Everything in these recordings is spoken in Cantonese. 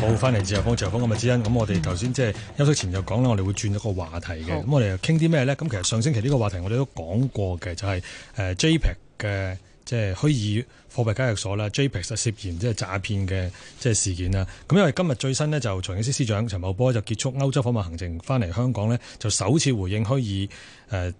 好，翻嚟《自由風自由風》今日之恩？咁、嗯、我哋頭先即係休息前就講啦，我哋會轉一個話題嘅，咁我哋又傾啲咩咧？咁其實上星期呢個話題我哋都講過嘅，就係 JPEX 嘅即係虛擬貨幣交易所啦，JPEX 涉嫌即係、就是、詐騙嘅即係事件啦。咁因為今日最新呢，就財政司司長陳茂波就結束歐洲訪問行程翻嚟香港呢，就首次回應虛擬誒誒、呃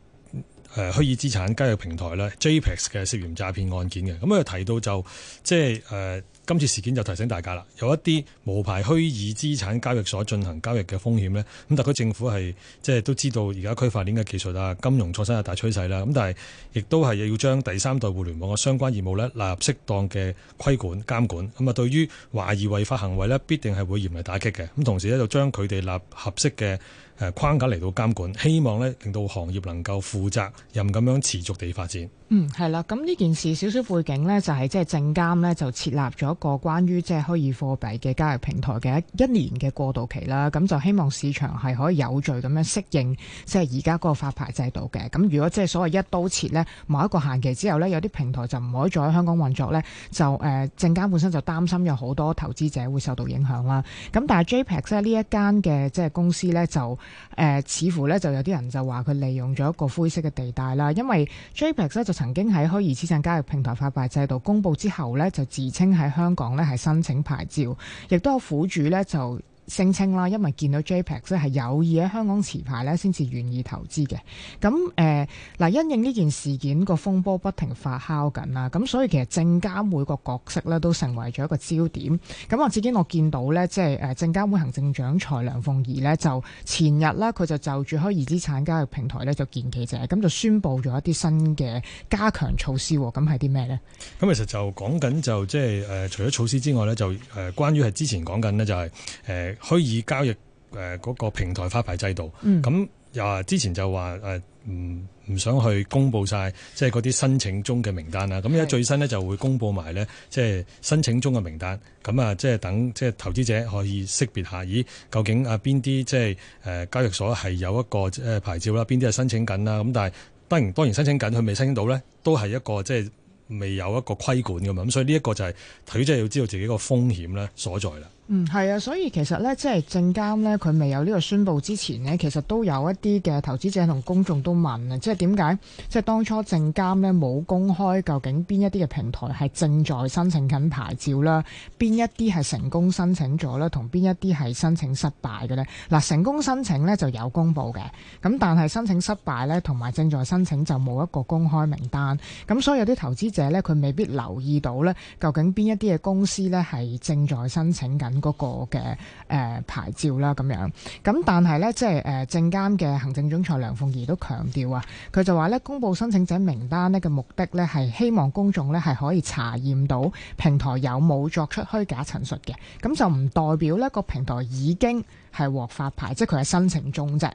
呃、虛擬資產交易平台啦 JPEX 嘅涉嫌詐騙案件嘅。咁佢提到就即係、就是呃今次事件就提醒大家啦，有一啲無牌虛擬資產交易所進行交易嘅風險呢。咁特區政府係即係都知道而家區塊鏈嘅技術啊、金融創新嘅大趨勢啦。咁但係，亦都係要將第三代互聯網嘅相關業務呢，納入適當嘅規管監管。咁啊，對於懷疑違法行為呢，必定係會嚴厲打擊嘅。咁同時呢，就將佢哋納合適嘅誒框架嚟到監管，希望呢令到行業能夠負責任咁樣持續地發展。嗯，係啦。咁呢件事少少背景呢，就係即係證監呢，就設立咗。個關於即係虛擬貨幣嘅交易平台嘅一年嘅過渡期啦，咁就希望市場係可以有序咁樣適應即係而家嗰個發牌制度嘅。咁如果即係所謂一刀切呢，某一個限期之後呢，有啲平台就唔可以再喺香港運作呢，就誒證監本身就擔心有好多投資者會受到影響啦。咁但係 JPEX 咧呢一間嘅即係公司呢，就誒、呃、似乎呢就有啲人就話佢利用咗一個灰色嘅地帶啦，因為 JPEX 咧就曾經喺虛擬資產交易平台發牌制度公布之後呢，就自稱喺香。香港咧係申請牌照，亦都有苦主咧就。聲稱啦，因為見到 JPEX 即係有意喺香港持牌咧，先至願意投資嘅。咁誒嗱，因應呢件事件個風波不停發酵緊啦，咁所以其實證監會個角色咧都成為咗一個焦點。咁我至今我見到咧，即係誒證監會行政長財梁鳳儀呢，就前日咧佢就就住虛擬資產交易平台咧就見記者，咁就宣布咗一啲新嘅加強措施喎。咁係啲咩呢？咁其實就講緊就即係誒，除咗措施之外咧，就誒關於係之前講緊呢，就係誒。虛擬交易誒嗰、呃那個平台發牌制度，咁、嗯、又、嗯、之前就話誒唔唔想去公布晒即係嗰啲申請中嘅名單啦。咁而家最新咧就會公佈埋咧，即、就、係、是、申請中嘅名單咁啊，即係等即係投資者可以識別下，咦究竟啊邊啲即係誒交易所係有一個誒牌照啦，邊啲係申請緊啦？咁但係當然當然申請緊，佢未申請到咧，都係一個即係、就是、未有一個規管嘅嘛。咁所以呢一個就係佢即係要知道自己個風險咧所在啦。嗯，係啊，所以其實咧，即係證監咧，佢未有呢個宣布之前咧，其實都有一啲嘅投資者同公眾都問啊，即係點解即係當初證監咧冇公開究竟邊一啲嘅平台係正在申請緊牌照啦，邊一啲係成功申請咗啦，同邊一啲係申請失敗嘅咧？嗱，成功申請咧就有公布嘅，咁但係申請失敗咧同埋正在申請就冇一個公開名單，咁所以有啲投資者咧佢未必留意到咧，究竟邊一啲嘅公司咧係正在申請緊。嗰、那個嘅、呃、牌照啦，咁樣咁，但係咧，即係、呃、證監嘅行政總裁梁鳳儀都強調啊，佢就話咧，公布申請者名單呢嘅目的咧，係希望公眾咧係可以查驗到平台有冇作出虛假陳述嘅，咁就唔代表咧個平台已經係獲發牌，即係佢係申請中啫。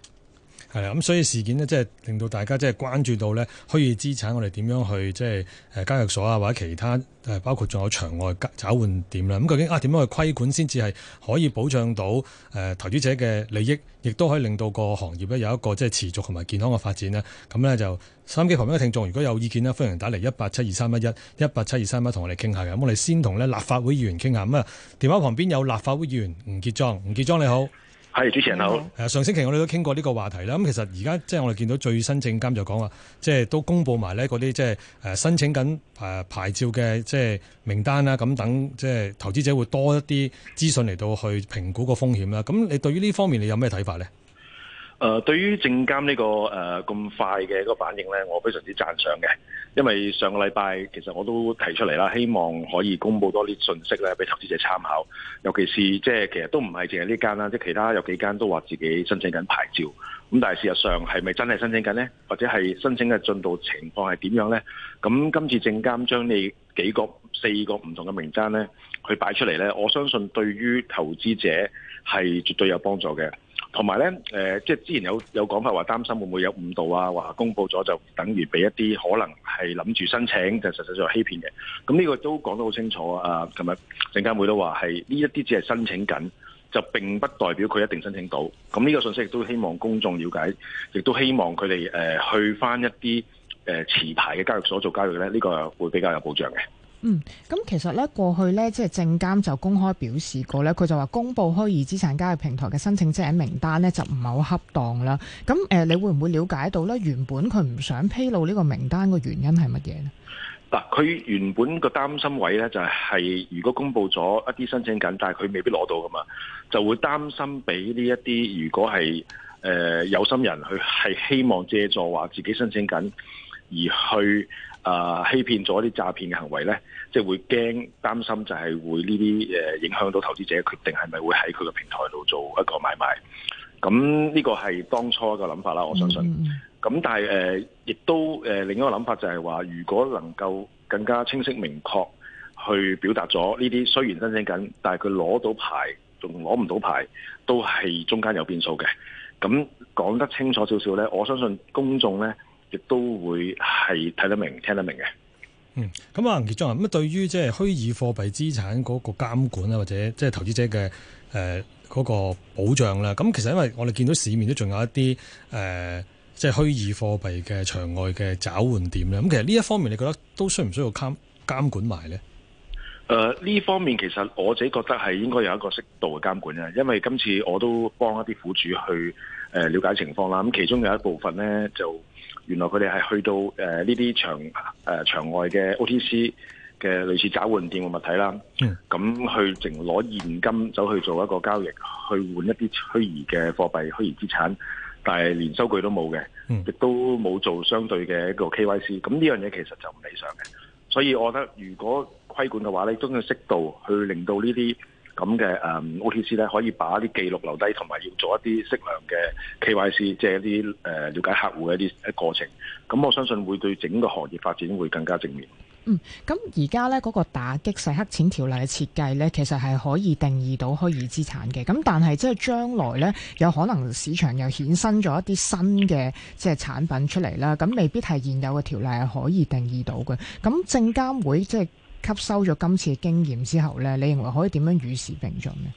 咁所以事件呢，即係令到大家即係關注到呢虛擬資產我哋點樣去即係誒監所啊，或者其他包括仲有場外找換點啦。咁究竟啊點樣去規管先至係可以保障到誒投資者嘅利益，亦都可以令到個行業咧有一個即係持續同埋健康嘅發展呢？咁呢，就收音機旁邊嘅聽眾，如果有意見呢歡迎打嚟一八七二三一一一八七二三一，同我哋傾下嘅。我哋先同呢立法會議員傾下。咁啊，電話旁邊有立法會議員吳傑莊，吳傑莊你好。係主持人好。誒，上星期我哋都傾過呢個話題啦。咁其實而家即係我哋見到最新證監就講話，即係都公布埋咧嗰啲即係誒申請緊誒牌照嘅即係名單啦。咁等即係投資者會多一啲資訊嚟，到去評估個風險啦。咁你對於呢方面你有咩睇法咧？誒、呃，對於證監呢、這個誒咁、呃、快嘅一個反應呢，我非常之讚賞嘅。因為上個禮拜其實我都提出嚟啦，希望可以公布多啲信息咧，俾投資者參考。尤其是，即係、呃、其實都唔係淨係呢間啦，即係其他有幾間都話自己申請緊牌照。咁但係事實上係咪真係申請緊呢？或者係申請嘅進度情況係點樣呢？咁今次證監將你幾個四個唔同嘅名單咧，去擺出嚟呢，我相信對於投資者係絕對有幫助嘅。同埋咧，即、呃、係之前有有講法話擔心會唔會有誤導啊。話公布咗就等於俾一啲可能係諗住申請，就實實在欺騙嘅。咁呢個都講得好清楚啊。琴日證監會都話係呢一啲只係申請緊，就並不代表佢一定申請到。咁呢個信息亦都希望公眾了解，亦都希望佢哋、呃、去翻一啲誒、呃、持牌嘅交易所做交易咧，呢、呢個會比較有保障嘅。嗯，咁其實咧過去咧，即係證監就公開表示過咧，佢就話公布虛擬資產交易平台嘅申請者名單咧，就唔係好恰當啦。咁誒，你會唔會了解到咧？原本佢唔想披露呢個名單嘅原因係乜嘢咧？嗱，佢原本個擔心位咧就係，如果公布咗一啲申請緊，但係佢未必攞到噶嘛，就會擔心俾呢一啲如果係誒有心人，佢係希望借助話自己申請緊。而去誒、啊、欺騙咗啲詐騙嘅行為呢，即係、就是、會驚擔心就係會呢啲誒影響到投資者決定係咪會喺佢嘅平台度做一個買賣，咁呢個係當初嘅諗法啦，我相信。咁但係誒，亦、呃、都誒、呃、另一個諗法就係話，如果能夠更加清晰明確去表達咗呢啲，雖然申請緊，但係佢攞到牌仲攞唔到牌，都係中間有變數嘅。咁講得清楚少少呢，我相信公眾呢。都會係睇得明、聽得明嘅。嗯，咁啊，吳傑莊，咁啊，對於即係虛擬貨幣資產嗰個監管啊，或者即係投資者嘅誒嗰個保障啦。咁其實因為我哋見到市面都仲有一啲誒，即係虛擬貨幣嘅場外嘅找換點咧。咁其實呢一方面，你覺得都需唔需要監監管埋咧？誒、呃，呢方面其實我自己覺得係應該有一個適度嘅監管啦，因為今次我都幫一啲苦主去誒了解情況啦。咁其中有一部分呢，就原來佢哋係去到誒呢啲場誒、呃、場外嘅 O T C 嘅類似找換店嘅物體啦，咁去淨攞現金走去做一個交易，去換一啲虛擬嘅貨幣、虛擬資產，但係連收據都冇嘅，亦、嗯、都冇做相對嘅一個 K Y C。咁呢樣嘢其實就唔理想嘅。所以，我覺得如果規管嘅話咧，都要適度去令到這些這樣的、嗯 OTC、呢啲咁嘅誒 OTC 咧，可以把啲記錄留低，同埋要做一啲適量嘅 KYC，即係一啲、呃、了解客戶嘅一啲過程。咁我相信會對整個行業發展會更加正面。嗯，咁而家呢，嗰、嗰個打擊洗黑錢條例嘅設計呢，其實係可以定義到虛擬資產嘅。咁但係即係將來呢，有可能市場又衍生咗一啲新嘅即係產品出嚟啦。咁未必係現有嘅條例係可以定義到嘅。咁證監會即係吸收咗今次嘅經驗之後呢，你認為可以點樣與時並進呢？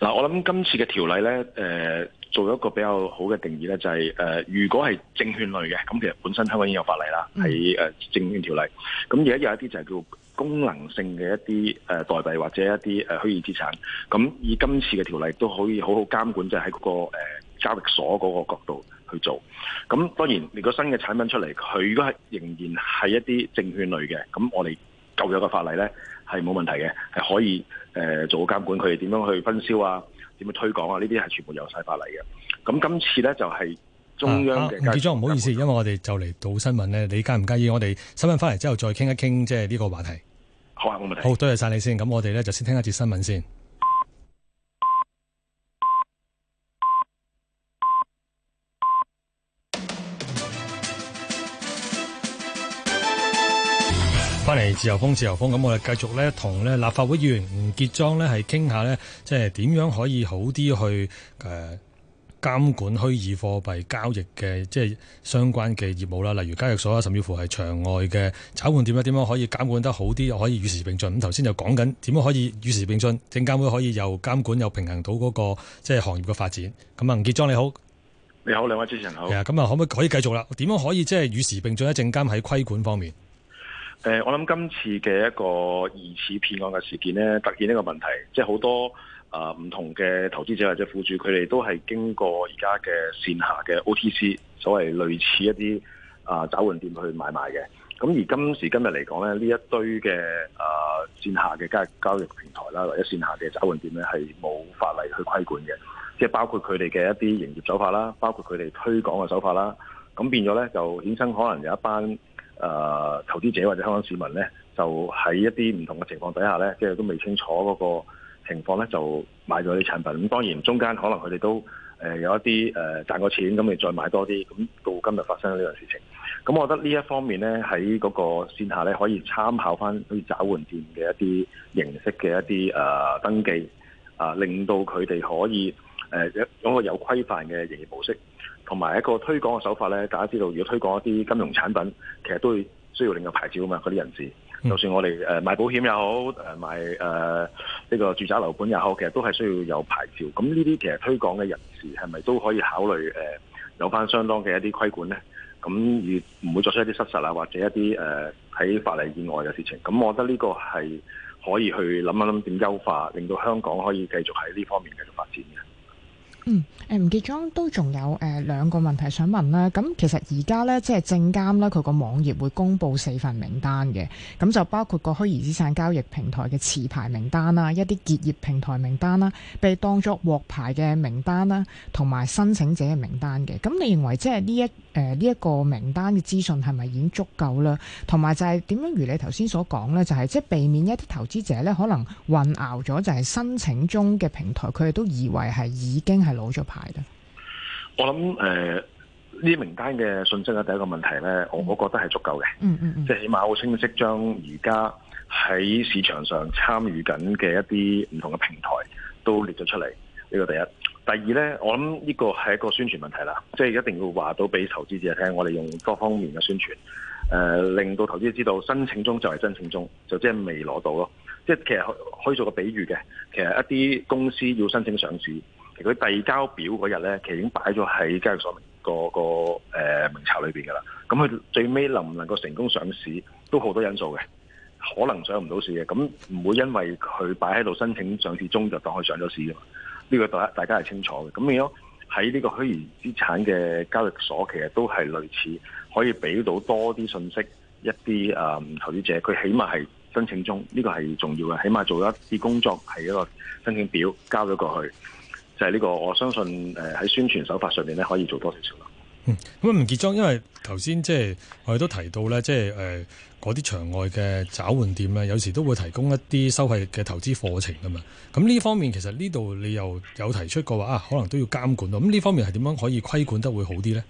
嗱，我諗今次嘅條例呢，誒、呃。做一個比較好嘅定義咧，就係、是、誒、呃，如果係證券類嘅，咁其實本身香港已經有法例啦，係誒證券條例。咁而家有一啲就係叫功能性嘅一啲代幣或者一啲誒虛擬資產。咁以今次嘅條例都可以好好監管就是在、那個，就喺嗰個交易所嗰個角度去做。咁當然，你個新嘅產品出嚟，佢如果係仍然係一啲證券類嘅，咁我哋舊有嘅法例咧係冇問題嘅，係可以誒、呃、做個監管佢哋點樣去分銷啊。點樣推廣啊？呢啲係全部有晒法例嘅。咁今次咧就係中央嘅。啊，吳傑莊、啊、唔好意思，因為我哋就嚟到新聞咧，你介唔介意我哋新聞翻嚟之後再傾一傾即係呢個話題？好啊，冇問題。好多謝晒你先。咁我哋咧就先聽一節新聞先。翻嚟自由風，自由風咁，我哋繼續咧，同咧立法會議員吳傑莊咧，係傾下咧，即係點樣可以好啲去誒、呃、監管虛擬貨幣交易嘅，即係相關嘅業務啦，例如交易所啊，甚至乎係場外嘅炒換點樣，點樣可以監管得好啲，又可以與時並進。咁頭先就講緊點樣可以與時並進，證監會可以又監管又平衡到嗰、那個即係行業嘅發展。咁啊，吳傑莊你好。你好，兩位主持人好。咁啊，可唔可以繼續啦？點樣可以即係與時並進一證監喺規管方面？誒、呃，我諗今次嘅一個疑似騙案嘅事件咧，突見呢個問題，即係好多啊唔、呃、同嘅投資者或者輔助佢哋都係經過而家嘅線下嘅 OTC，所謂類似一啲啊、呃、找換店去買賣嘅。咁而今時今日嚟講咧，呢一堆嘅啊、呃、線下嘅交易交易平台啦，或者線下嘅找換店咧，係冇法例去規管嘅，即係包括佢哋嘅一啲營業手法啦，包括佢哋推廣嘅手法啦，咁變咗咧就衍生可能有一班。誒、呃、投資者或者香港市民呢，就喺一啲唔同嘅情況底下呢，即係都未清楚嗰個情況呢，就買咗啲產品。咁當然中間可能佢哋都誒、呃、有一啲誒、呃、賺過錢，咁你再買多啲。咁到今日發生呢個事情，咁我覺得呢一方面呢，喺嗰個線下呢，可以參考翻好似找換店嘅一啲形式嘅一啲誒、呃、登記啊、呃，令到佢哋可以誒有、呃、一個有規範嘅營業模式。同埋一個推廣嘅手法咧，大家知道，如果推廣一啲金融產品，其實都會需要另外牌照啊嘛。嗰啲人士，就算我哋誒賣保險又好，誒賣、呃呢個住宅樓盤又好，其實都係需要有牌照。咁呢啲其實推廣嘅人士係咪都可以考慮、呃、有翻相當嘅一啲規管咧？咁唔會作出一啲失實啊，或者一啲喺、呃、法例以外嘅事情。咁我覺得呢個係可以去諗一諗點優化，令到香港可以繼續喺呢方面繼續發展嘅。嗯，誒、欸，吳傑莊都仲有誒、呃、兩個問題想問啦。咁其實而家咧，即、就、係、是、證監咧，佢個網頁會公佈四份名單嘅。咁就包括個虛擬資產交易平台嘅持牌名單啦，一啲結業平台名單啦，被當作獲牌嘅名單啦，同埋申請者嘅名單嘅。咁你認為即係呢一誒呢一個名單嘅資訊係咪已經足夠啦？同埋就係點樣？如你頭先所講咧，就係即係避免一啲投資者咧可能混淆咗，就係申請中嘅平台，佢哋都以為係已經係。攞咗牌啦！我諗誒，呢、呃、名單嘅信息咧，第一個問題呢，我我覺得係足夠嘅。嗯嗯即、嗯、係起碼好清晰，將而家喺市場上參與緊嘅一啲唔同嘅平台都列咗出嚟。呢、呢個第一，第二呢，我諗呢個係一個宣傳問題啦。即、就、係、係、一定要話到俾投資者聽，我哋用多方面嘅宣傳，誒、呃，令到投資者知道申請中就係申請中，就即係未攞到咯。即係其實可以做個比喻嘅，其實一啲公司要申請上市。佢遞交表嗰日咧，其實已經擺咗喺交易所嗰個個名冊裏邊噶啦。咁、呃、佢最尾能唔能夠成功上市，都好多因素嘅，可能上唔到市嘅。咁唔會因為佢擺喺度申請上市中就當佢上咗市啊嘛？呢個大大家係清楚嘅。咁變咗喺呢個虛擬資產嘅交易所，其實都係類似可以俾到多啲信息一啲誒、嗯、投資者。佢起碼係申請中，呢個係重要嘅。起碼做一啲工作係一個申請表交咗過去。就係呢個，我相信誒喺宣傳手法上面咧，可以做多少少咯。嗯，咁啊，吳傑莊，因為頭先即係我哋都提到咧，即係誒嗰啲場外嘅找換店咧，有時都會提供一啲收費嘅投資課程噶嘛。咁呢方面其實呢度你又有提出過話啊，可能都要監管咯。咁呢方面係點樣可以規管得會好啲咧？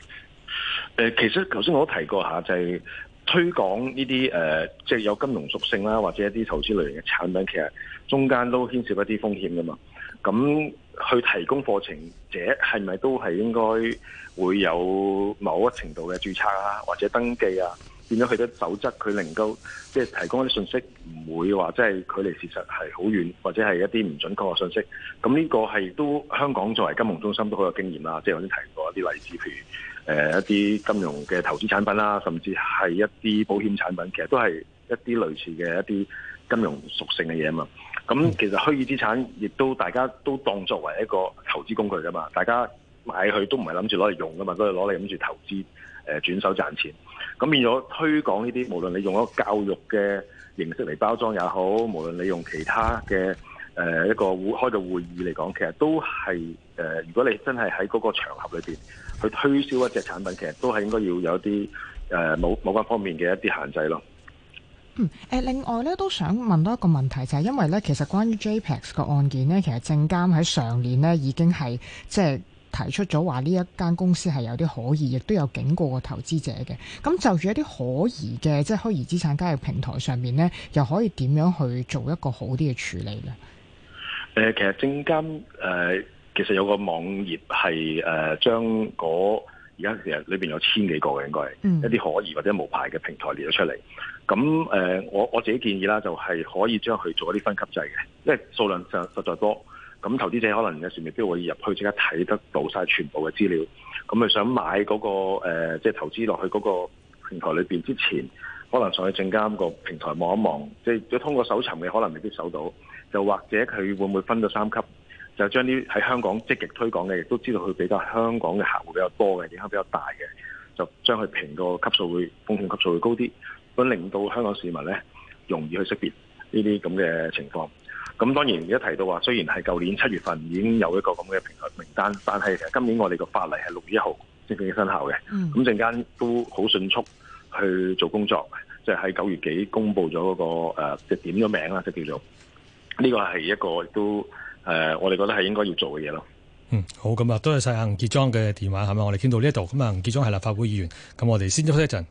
誒，其實頭先我都提過下，就係推廣呢啲誒，即係有金融屬性啦，或者一啲投資類型嘅產品，其實中間都牽涉一啲風險噶嘛。咁去提供課程者係咪都係應該會有某一程度嘅註冊啊，或者登記啊，變咗佢啲守則，佢能夠即係提供一啲信息，唔會話即係距離事實係好遠或者係一啲唔準確嘅信息。咁呢個係都香港作為金融中心都好有經驗啦，啊，即係我已經提過一啲例子，譬如誒、呃、一啲金融嘅投資產品啦，啊，甚至係一啲保險產品，其實都係一啲類似嘅一啲金融屬性嘅嘢嘛。咁其實虛擬資產亦都大家都當作為一個投資工具㗎嘛，大家買去都唔係諗住攞嚟用㗎嘛，都係攞嚟諗住投資，誒轉手賺錢。咁變咗推廣呢啲，無論你用一個教育嘅形式嚟包裝也好，無論你用其他嘅誒、呃、一個會開個會議嚟講，其實都係誒、呃，如果你真係喺嗰個場合裏面去推銷一隻產品，其實都係應該要有啲誒、呃、某某方面嘅一啲限制咯。嗯，另外咧都想問多一個問題，就係、是、因為咧，其實關於 JPEX 個案件咧，其實證監喺上年咧已經係即係提出咗話呢一間公司係有啲可疑，亦都有警告過投資者嘅。咁就住一啲可疑嘅，即係虛擬資產交易平台上面呢，又可以點樣去做一個好啲嘅處理呢？誒、呃，其實證監誒、呃，其實有個網頁係誒將嗰而家其實裏邊有千幾個嘅，應該係一啲可疑或者無牌嘅平台列咗出嚟。咁誒，我我自己建議啦，就係可以將佢做一啲分級制嘅，因為數量實實在多，咁投資者可能有時未必會入去即刻睇得到晒全部嘅資料。咁佢想買嗰個，誒，即係投資落去嗰個平台裏面之前，可能上去證監個平台望一望，即係如果通過搜尋嘅，可能未必能搜到。又或者佢會唔會分到三級，就將啲喺香港積極推廣嘅，亦都知道佢比較香港嘅客戶比較多嘅影響比較大嘅，就將佢評個級數會風險級數會高啲。令到香港市民咧容易去識別呢啲咁嘅情況。咁當然而家提到話，雖然係舊年七月份已經有一個咁嘅平台名單，但係今年我哋個法例係六月一號先正式生效嘅。咁陣間都好迅速去做工作，即係喺九月幾公布咗嗰個誒，即、呃、係點咗名啦，即、就是、叫做呢個係一個都誒、呃，我哋覺得係應該要做嘅嘢咯。嗯，好咁啊，多謝曬吳傑莊嘅電話，係咪？我哋傾到呢一度，咁啊，傑莊係立法會議員，咁我哋先休息一陣。